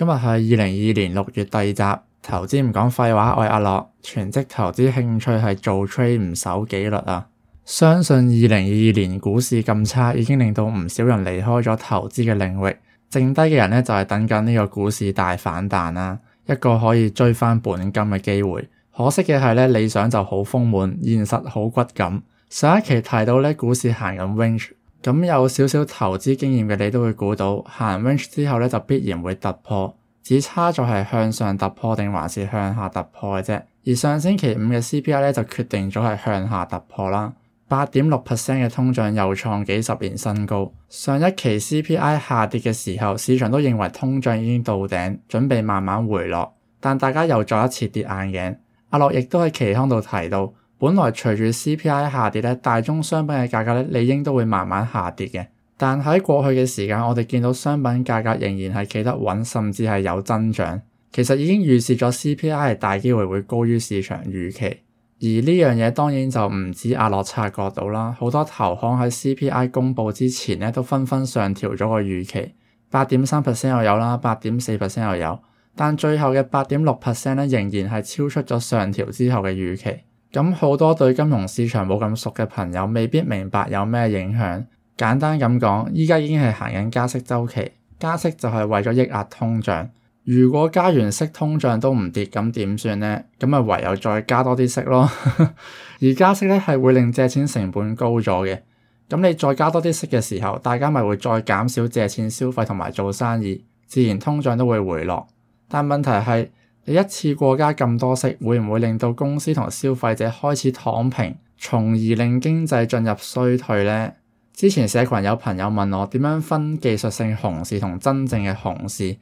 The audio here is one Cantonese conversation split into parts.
今日係二零二二年六月第二集，投資唔講廢話，我係阿樂，全職投資興趣係做 trade 唔守紀律，啊、相信二零二二年股市咁差，已經令到唔少人離開咗投資嘅領域，剩低嘅人咧就係、是、等緊呢個股市大反彈啦，啊，一個可以追翻本金嘅機會。可惜嘅係咧，理想就好豐滿，現實好骨感。上一期提到咧，股市行緊 range。咁有少少投資經驗嘅你都會估到行 range 之後咧就必然會突破，只差咗係向上突破定還是向下突破嘅啫。而上星期五嘅 CPI 咧就決定咗係向下突破啦，八點六 percent 嘅通脹又創幾十年新高。上一期 CPI 下跌嘅時候，市場都認為通脹已經到頂，準備慢慢回落，但大家又再一次跌眼鏡。阿樂亦都喺期權度提到。本來隨住 CPI 下跌咧，大宗商品嘅價格咧理應都會慢慢下跌嘅。但喺過去嘅時間，我哋見到商品價格仍然係企得穩，甚至係有增長。其實已經預示咗 CPI 係大機會會高於市場預期，而呢樣嘢當然就唔止阿樂察覺到啦。好多投行喺 CPI 公佈之前咧，都紛紛上調咗個預期，八點三 percent 又有啦，八點四 percent 又有，但最後嘅八點六 percent 咧，仍然係超出咗上調之後嘅預期。咁好多對金融市場冇咁熟嘅朋友未必明白有咩影響。簡單咁講，依家已經係行緊加息週期，加息就係為咗抑壓通脹。如果加完息通脹都唔跌，咁點算咧？咁咪唯有再加多啲息咯。 而加息咧係會令借錢成本高咗嘅。咁你再加多啲息嘅時候，大家咪會再減少借錢消費同埋做生意，自然通脹都會回落。但問題係。一次過加咁多息，會唔會令到公司同消費者開始躺平，從而令經濟進入衰退呢？之前社群有朋友問我點樣分技術性熊市同真正嘅熊市，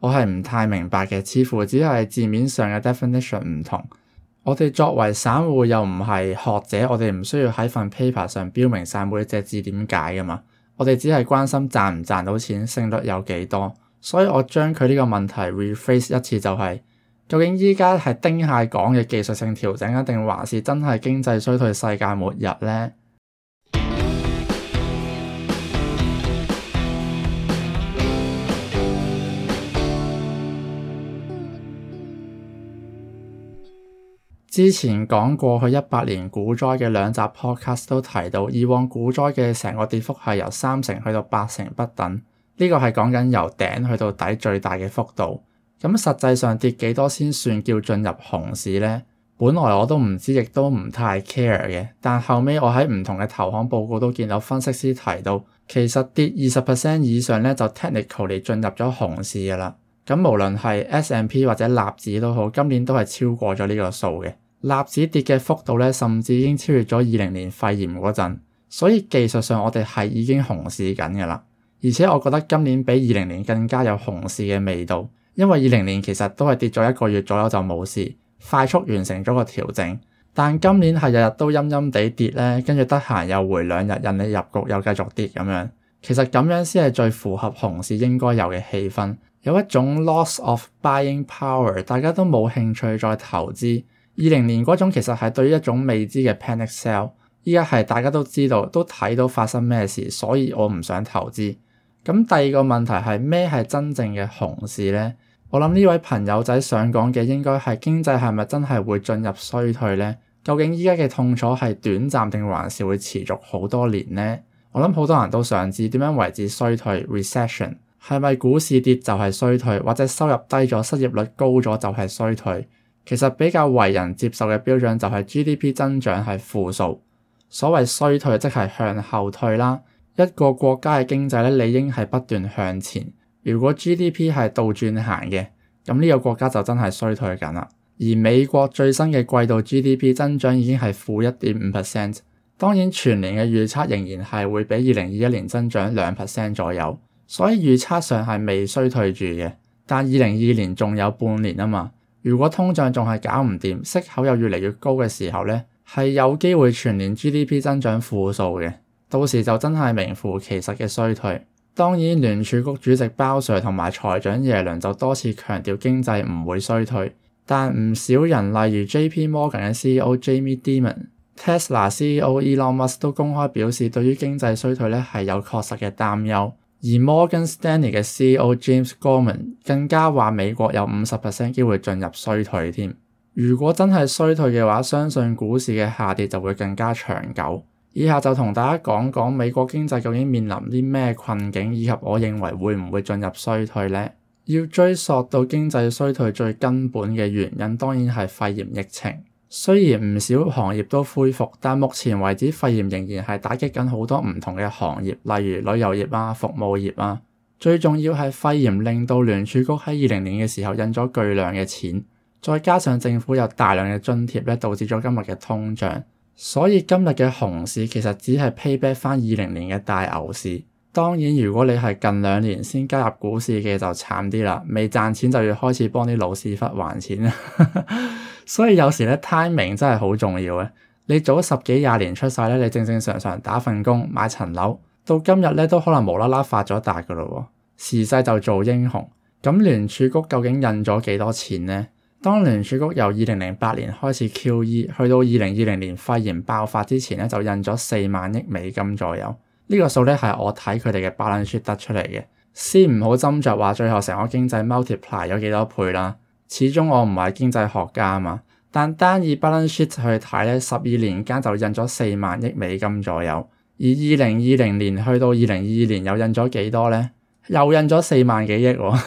我係唔太明白嘅。似乎只係字面上嘅 definition 唔同。我哋作為散戶又唔係學者，我哋唔需要喺份 paper 上標明晒每一隻字點解噶嘛。我哋只係關心賺唔賺到錢，勝率有幾多。所以我將佢呢個問題 rephrase 一次，就係，就係。究竟而家係丁蟹講嘅技術性調整，定還是真係經濟衰退、世界末日呢？之前講過去一百年股災嘅兩集 Podcast 都提到，以往股災嘅成個跌幅係由三成去到八成不等，呢個係講緊由頂去到底最大嘅幅度。咁實際上跌幾多先算叫進入熊市呢？本來我都唔知，亦都唔太 care 嘅。但後尾我喺唔同嘅投行報告都見到分析師提到，其實跌二十 percent 以上咧，就 technical 嚟進入咗熊市噶啦。咁無論係 S&P 或者納指都好，今年都係超過咗呢個數嘅。納指跌嘅幅度咧，甚至已經超越咗二零年肺炎嗰陣，所以技術上我哋係已經熊市緊噶啦。而且我覺得今年比二零年更加有熊市嘅味道。因為二零年其實都係跌咗一個月左右就冇事，快速完成咗個調整。但今年係日日都陰陰地跌咧，跟住得閒又回兩日，引你入局又繼續跌咁樣。其實咁樣先係最符合熊市應該有嘅氣氛，有一種 loss of buying power，大家都冇興趣再投資。二零年嗰種其實係對於一種未知嘅 panic sell，依家係大家都知道，都睇到發生咩事，所以我唔想投資。咁第二個問題係咩係真正嘅熊市咧？我諗呢位朋友仔想講嘅應該係經濟係咪真係會進入衰退呢？究竟依家嘅痛楚係短暫定還是會持續好多年呢？我諗好多人都想知點樣為之衰退 （recession），係咪股市跌就係衰退，或者收入低咗、失業率高咗就係衰退？其實比較為人接受嘅標準就係 GDP 增長係負數。所謂衰退即係向後退啦。一個國家嘅經濟咧理應係不斷向前。如果 GDP 係倒轉行嘅，咁呢個國家就真係衰退緊啦。而美國最新嘅季度 GDP 增長已經係負一點五 percent，當然全年嘅預測仍然係會比二零二一年增長兩 percent 左右，所以預測上係未衰退住嘅。但二零二二年仲有半年啊嘛，如果通脹仲係搞唔掂，息口又越嚟越高嘅時候咧，係有機會全年 GDP 增長負數嘅，到時就真係名副其實嘅衰退。當然，聯儲局主席鮑 Sir 同埋財長耶倫就多次強調經濟唔會衰退，但唔少人，例如 J.P. Morgan 嘅 CEO Jamie Dimon、Tesla CEO Elon Musk 都公開表示對於經濟衰退咧係有確實嘅擔憂。而 Morgan Stanley 嘅 CEO James Gorman 更加話美國有五十 percent 機會進入衰退添。如果真係衰退嘅話，相信股市嘅下跌就會更加長久。以下就同大家講講美國經濟究竟面臨啲咩困境，以及我認為會唔會進入衰退呢？要追溯到經濟衰退最根本嘅原因，當然係肺炎疫情。雖然唔少行業都恢復，但目前為止肺炎仍然係打擊緊好多唔同嘅行業，例如旅遊業啊、服務業啊。最重要係肺炎令到聯儲局喺二零年嘅時候印咗巨量嘅錢，再加上政府有大量嘅津貼咧，導致咗今日嘅通脹。所以今日嘅熊市其實只係 pay back 翻二零年嘅大牛市。當然，如果你係近兩年先加入股市嘅就慘啲啦，未賺錢就要開始幫啲老屎忽還錢啦。 所以有時咧，timing 真係好重要嘅。你早十幾廿年出世咧，你正正常常打份工買層樓，到今日咧都可能無啦啦發咗達噶啦喎。時勢就做英雄。咁聯儲局究竟印咗幾多錢咧？當聯儲局由二零零八年開始 QE，去到二零二零年肺炎爆發之前咧，就印咗四萬億美金左右。這個、數呢個數咧係我睇佢哋嘅 balance sheet 得出嚟嘅。先唔好斟酌話最後成個經濟 multiply 咗幾多倍啦。始終我唔係經濟學家啊嘛。但單以 balance sheet 去睇咧，十二年間就印咗四萬億美金左右。而二零二零年去到二零二二年又印咗幾多咧？又印咗四萬幾億、啊。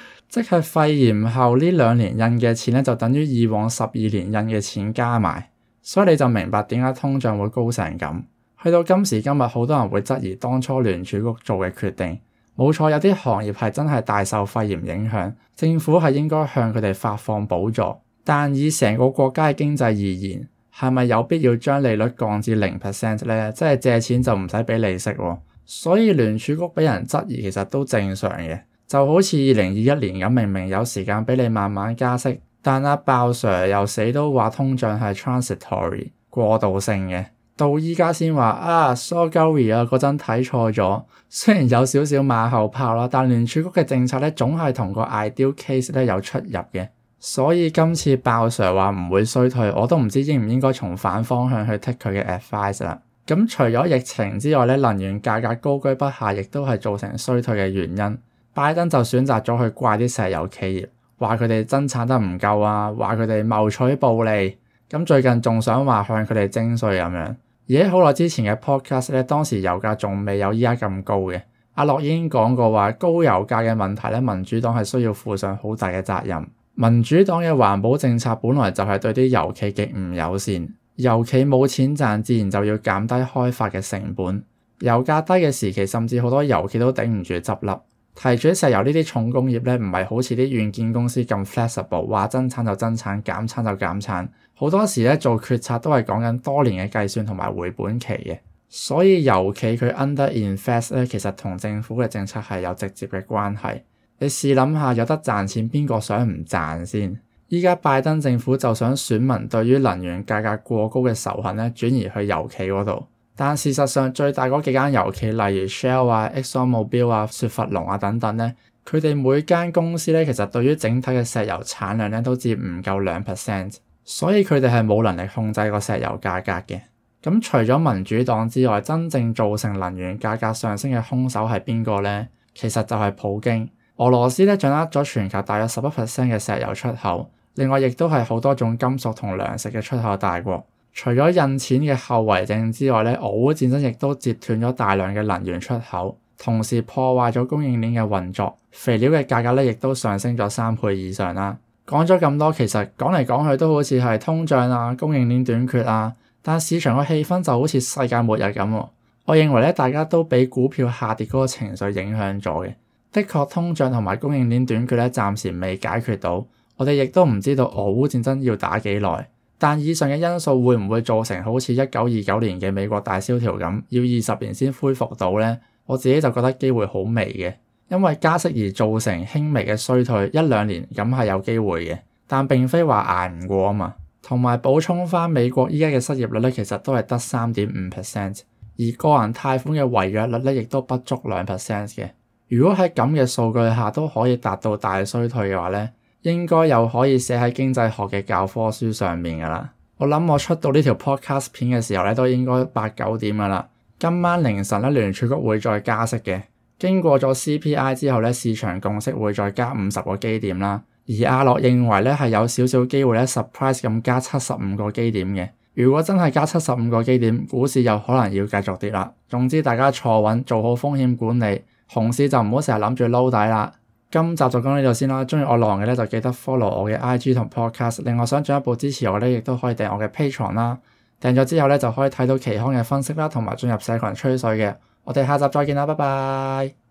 即係肺炎後呢兩年印嘅錢咧，就等於以往十二年印嘅錢加埋，所以你就明白點解通脹會高成咁。去到今時今日，好多人會質疑當初聯儲局做嘅決定。冇錯，有啲行業係真係大受肺炎影響，政府係應該向佢哋發放補助。但以成個國家嘅經濟而言，係咪有必要將利率降至零 percent 咧？即係借錢就唔使俾利息喎、啊。所以聯儲局俾人質疑，其實都正常嘅。就好似二零二一年咁，明明有時間畀你慢慢加息，但阿、啊、鮑 Sir 又死都話通脹係 transitory 過渡性嘅，到依家先話啊，sorry 啊，嗰陣睇錯咗。雖然有少少馬後炮啦，但聯儲局嘅政策咧總係同個 ideal case 咧有出入嘅，所以今次鮑 Sir 話唔會衰退，我都唔知應唔應該從反方向去 take 佢嘅 advice 啦。咁除咗疫情之外咧，能源價格高居不下，亦都係造成衰退嘅原因。拜登就選擇咗去怪啲石油企業，話佢哋增產得唔夠啊，話佢哋牟取暴利。咁最近仲想話向佢哋徵稅咁樣。而喺好耐之前嘅 podcast 咧，當時油價仲未有依家咁高嘅。阿諾已經講過話，高油價嘅問題咧，民主黨係需要負上好大嘅責任。民主黨嘅環保政策本來就係對啲油企極唔友善，油企冇錢賺自然就要減低開發嘅成本。油價低嘅時期，甚至好多油企都頂唔住執笠。提取石油呢啲重工業咧，唔係好似啲軟件公司咁 flexible，話增產就增產，減產就減產。好多時咧，做決策都係講緊多年嘅計算同埋回本期嘅，所以油企佢 underinvest 咧，其實同政府嘅政策係有直接嘅關係。你試諗下，有得賺錢，邊個想唔賺先？依家拜登政府就想選民對於能源價格過高嘅仇恨咧，轉移去油企嗰度。但事實上，最大嗰幾間油企，例如 Shell 啊、Exxon Mobil 啊、雪佛龍啊等等咧，佢哋每間公司咧，其實對於整體嘅石油產量咧都只唔夠兩 percent，所以佢哋係冇能力控制個石油價格嘅。咁除咗民主黨之外，真正造成能源價格上升嘅兇手係邊個咧？其實就係普京。俄羅斯咧掌握咗全球大約十一 percent 嘅石油出口，另外亦都係好多種金屬同糧食嘅出口大國。除咗印錢嘅後遺症之外咧，俄烏戰爭亦都截斷咗大量嘅能源出口，同時破壞咗供應鏈嘅運作，肥料嘅價格咧亦都上升咗三倍以上啦。講咗咁多，其實講嚟講去都好似係通脹啊、供應鏈短缺啊，但市場嘅氣氛就好似世界末日咁喎。我認為咧，大家都俾股票下跌嗰個情緒影響咗嘅。的確，通脹同埋供應鏈短缺咧，暫時未解決到。我哋亦都唔知道俄烏戰爭要打幾耐。但以上嘅因素會唔會造成好似一九二九年嘅美國大蕭條咁，要二十年先恢復到呢？我自己就覺得機會好微嘅，因為加息而造成輕微嘅衰退一兩年，咁係有機會嘅，但並非話捱唔過啊嘛。同埋補充翻美國依家嘅失業率咧，其實都係得三點五 percent，而個人貸款嘅違約率咧，亦都不足兩 percent 嘅。如果喺咁嘅數據下都可以達到大衰退嘅話咧，應該又可以寫喺經濟學嘅教科書上面噶啦。我諗我出到呢條 podcast 片嘅時候咧，都應該八九點噶啦。今晚凌晨咧聯儲局會再加息嘅。經過咗 CPI 之後咧，市場共識會再加五十個基點啦。而阿樂認為咧係有少少機會咧 surprise 咁加七十五個基點嘅。如果真係加七十五個基點，股市又可能要繼續跌啦。總之大家坐穩，做好風險管理，熊市就唔好成日諗住撈底啦。今集就講到呢度先啦，鍾意我郎嘅咧就記得 follow 我嘅 IG 同 podcast。另外想進一步支持我咧，亦都可以訂我嘅 Patreon 啦。訂咗之後咧就可以睇到期刊嘅分析啦，同埋進入社群吹水嘅。我哋下集再見啦，拜拜。